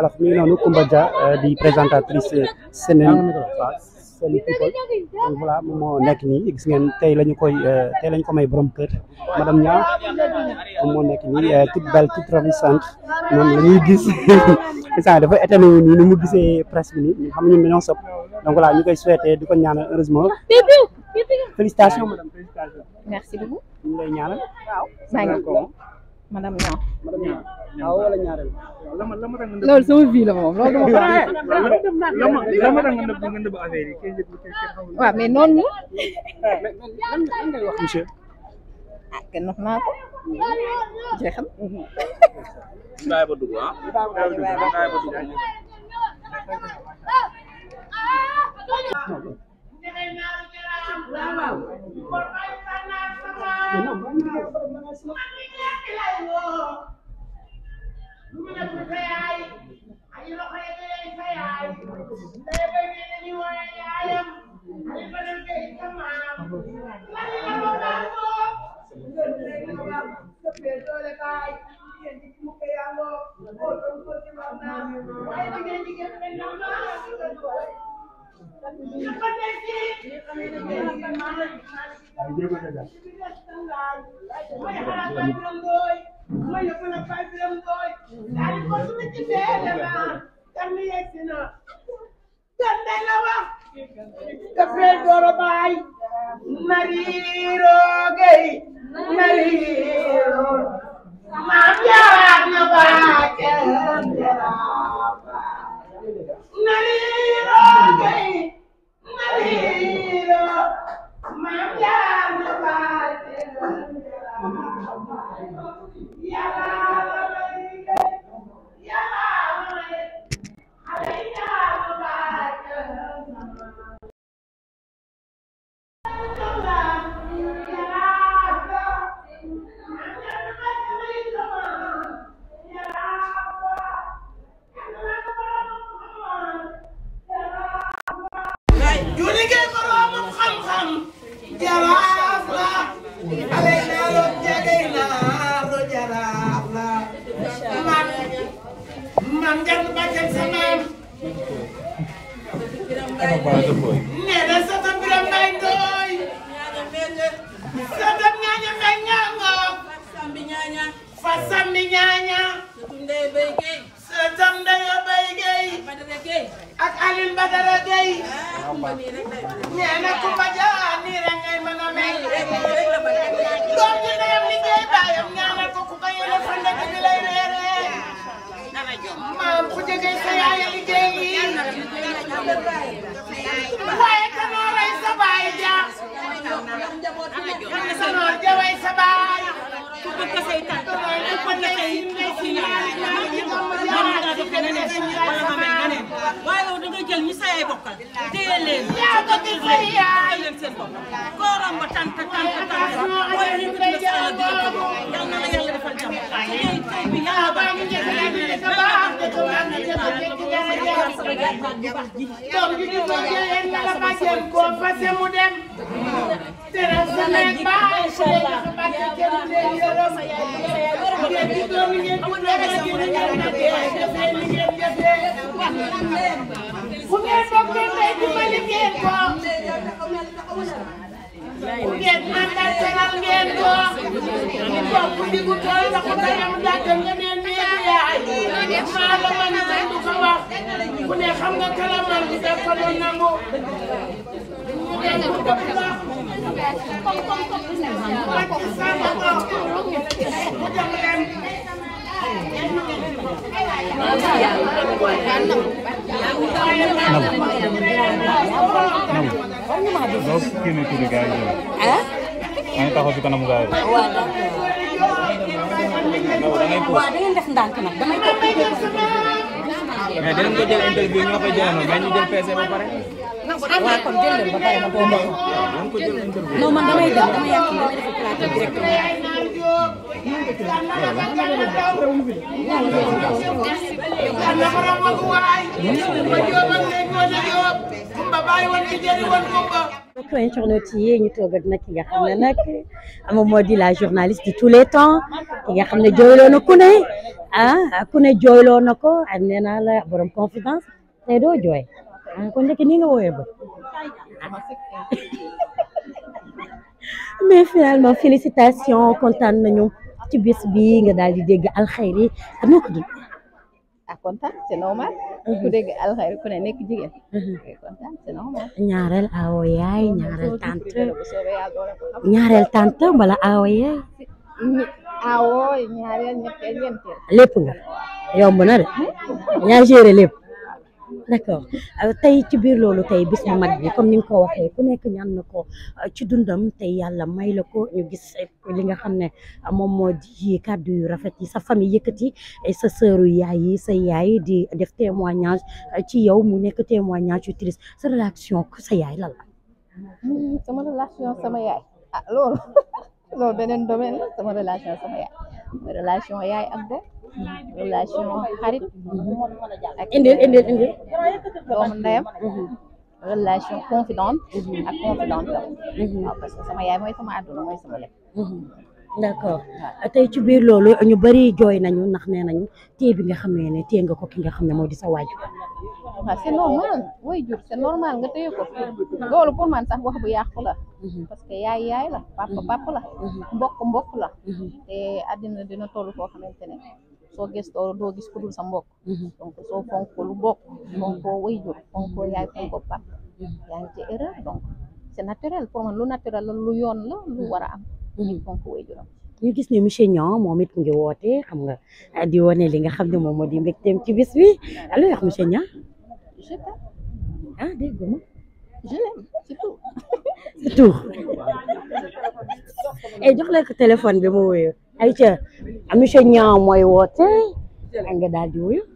alors mi ngi noonu Coumba Dia euh, di présentatrice euh, Senene waaw seen moom moo nekk nii gis ngeen tey la koy euh, tey la ñu ko may borom kër madame Niang moom moo nekk nii toute belle toute ravissante moom la ñuy gis instant dafa étonné wu ni mu gisee presse bi nii xam ñun dañoo donc voilà ñu koy souhaité di ko ñaanal heureusement félicitations madame félicitations. merci beaucoup madame Niang. madame Niang waaw ah, wala ñaareel. lama lama la nga nëb. loolu sama vie la moom loolu dama ko. lama lama la nga nëb nga nëb affaire yi. waaw mais noonu. Ah, lan lan ngay wax monsieur. ah kenn wax naa ko. jeexal. bàyyi ba dugg ah. bàyyi ba dugg ah. lu mu def lu ko yaay Nani Fatou Boye. nee na sëtam Birame Mbaye Ndoye. sëtam ñaaña Mbaye Ndiango. Fassane ñaaña. Fassane ñaaña. sëtum Ndeye Baye Gueye. sëtam Ndeye Baye Gueye. Badara Gueye. ak Alioune Badara Gueye. Ah, nee na Kumba Dia nii rek ngay mën a mel. doom ji ndeyam liggéey baayam ñaanal ko ku ko yore fa ndëkk bi lay weeree. maam ku jege sa yaay liggéey yi. mokkal téye leen soutenir leen téye leen seen bopp koo romb tant tant tant mooy ñu gën a sànni di la ko yal na la yàlla defal jàmm tey tey bi yàlla baax na yàlla baax na yàlla ngeen àndal tegal ngeen ko ñu topp diggu tool ba ko dayam dàgg nga ne neex yaay maa la man kenn du ko wax ku ne xam nga kalamal bi daf ko doon nangu ñu dégg ko dëpp la ak sama ko mu dem leen Namu. Namu. nga maa déglu. donc kii nañ tudd gars yi ah. maa ngi taxaw si kanamu gars yi. waaw d'accord. waaw da ngeen def ndànk nag damay topp mais dinañ ko jël interview ñoo koy jëlee mais ñu jël PC ba pare. waaw kon jël leen ba pare ma boo mboq. ko jël interview. non man damay dem damay yàq damay def plateau directement. mbokk internet yi ñu toog ak nag ki nga xam ne nag moom moo di la journaliste de tous les temps ki nga xam ne jooyloo na ku ne ah ku ne jooyloo na ko am nee naa la borom confidence te doo jooy ah kon ndekki nii nga wooyee ba mais finalement félicitations kontaan nañu ci bis bi nga daal di dégg alxayri noo ko dund ah kontaan c' est normal. ku dégg alxayri ku ne nekk jigéen. Eh, kontaan awo yaay ñaareel wala awo yaay. nga yomb na de yaa géré d'accord euh, tey ci biir loolu tey bis bu mag bi comme ni ko waxee ku nekk ñaan na ko euh, ci dundam tey yàlla may la ko ñu gis euh, li nga xam ne moom moo di kàddu yu rafet yi sa famille yëkkati sa sëru yaay yi sa yaay di def témoignage ci yow mu nekk témoignage yu triste sa relation sa yaay lan la. Hmm, sama relation sama yaay ah loolu loolu beneen domaine la sama relation sama yaay relation yaay ak relation xarit ak mhm. indil indil indil doomu mhm. sama yaay mooy sama mhm. ci biir loolu ñu bari jooy nañu ndax nee nañu téye bi nga xam ne ne téye nga ko ki nga xam ne moo di sa waa waaw c'est normal mooy jur c'est normal nga téye ko loolu pour man sax wax bu yàqu la parce que yaay yaay la papa papa la mbokk mbokk la te àddina dina toll foo xamante ne soo gëstoo doo gis ku dul sa mbokk donc soo fonkoo lu bokk fonkoo wayjur fonkoo yaay fonkoo pap yaa ngi ci erreur lu naturel lu yoon la lu war am ñu fonk wayjuram ñu gis ne monsieur Niang moom it mu ngi woote xam nga ah, di wane li nga xam ne moom moo di mbégteem ci bis bi allo wax monsieur Niang je t'aime ah dégg nga je l'aime eh, la ko téléphone bi mu ay ca ah, monsieur Niang mooy woote a daal di wuyu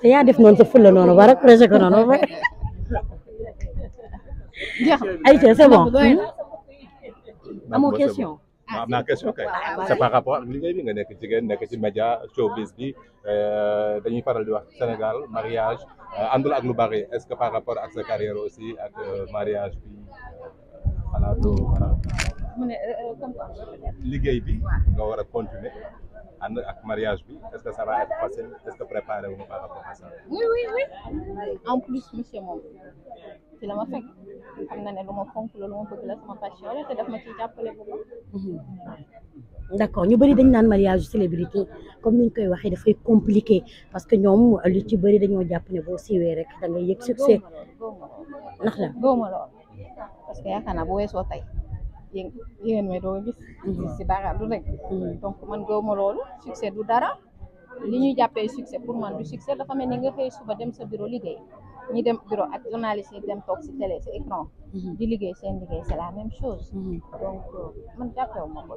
te yaa def noonu sa fulla noonu ba rek projet ko noonu ba ay ca c'est bon hmm? amoo question ah am naa question kay c'est par rapport ak liggéey bi nga nekk nekk ci média showbiz bi eh, dañuy faral di wax Sénégal mariage àndul eh, ak lu bari est-ce que par rapport ak sa carrière aussi ak euh, mariage bi voilà euh, euh, liggéey bi nga war a continuer ànd ak mariage bi est-ce que ça va être facile est-ce que préparé wu par rapport à ça. oui oui en plus moom. ci la ma fekk xam na lu ma fonk la lu ma bëgg la sama passion la te daf ma ciy jàppale bu baax. Mhm. d'accord ñu bëri dañ naan mariage célébrité comme niñ koy waxee dafay compliqué parce que ñoom euh, li ci bëri dañoo jàpp ne boo siiwee rek da ngay yëg succès nax la góoma lool parce que yaakaar naa bu weesoo tey yéen yéen may doo gis. Mhm. gis si dara du rek. Mhm. donc man góoma loolu succès du dara. li ñuy jàppee succès pour man du succès dafa mel ni nga xëy suba dem sa bureau liggéey ñi dem bureau ak journaliste yi dem toog télé si écran mhm. di liggéey seen liggéey c'est la même chose mhm. donc euh, man jàppewu ma ko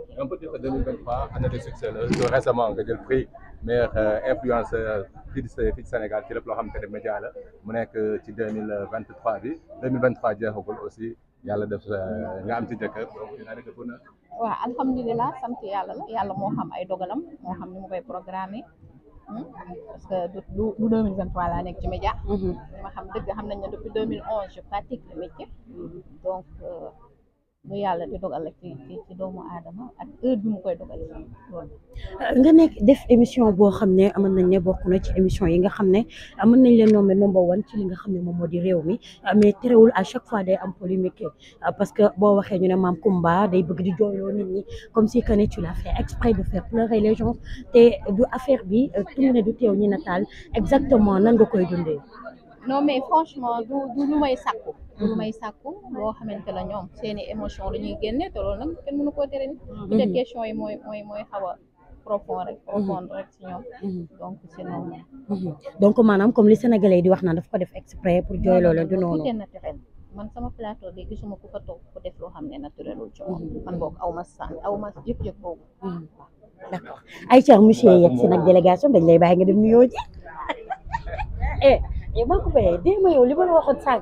un succès la so récemment nga jël prix meilleur euh, influenceur fii di fii di Sénégal ci lépp loo xamante ne média la mu nekk ci 2023 bi 2023 jeexagul aussi yàlla def sa euh, nga am ci jëkkër donc nga nekk sant yàlla la yàlla moo xam ay dogalam moo xam ni mu koy programmé hmm? parce que du deux mille vingt trois laa nekk ci média ñi mhm. ma xam dëgg xam nañ ne depuis deux mille onze je pratique le métier mhm. donc euh, lu yàlla di dogal la ci doomu aadama ak heure mu koy dogal loolu nga nekk def émission boo xam ne mën nañ ne bokk ci émission yi nga xam ne mën nañ leen nommer number one ci li nga xam ne moom moo di réew mi mais terewul a chaque fois day am polémique parce que boo waxee ñu ne maam Kumba day bëgg di jooyloo comme si que ne tu l'as fait exprès de faire pleurer les gens te du affaire bi euh, tout ne du teew ñi nataal exactement nan nga koy dundee non mais franchement du du lu may sàkku du may sàkku loo xamante la ñoom seeni émotion la ñuy génne te loolu nag kenn mënu koo tere mm-hmm. yi mooy mooy a profond rek mm-hmm. profond rek ci ñoom mm-hmm. donc c'est normal maanaam comme li sénégalais di wax naan daf ko def exprès pour jooy loolu du noonu man sama plateau bi gisuma ku fa toog ku def loo xam ne naturelul ci moom man boog aw ma sàn aw ma jëf-jëf boobu d'accord ay cher monsieur yegg si nag délégation dañ lay bàyyi nga dem nuyoo ji maa ko fayee démb yow li ma la waxoon sànq.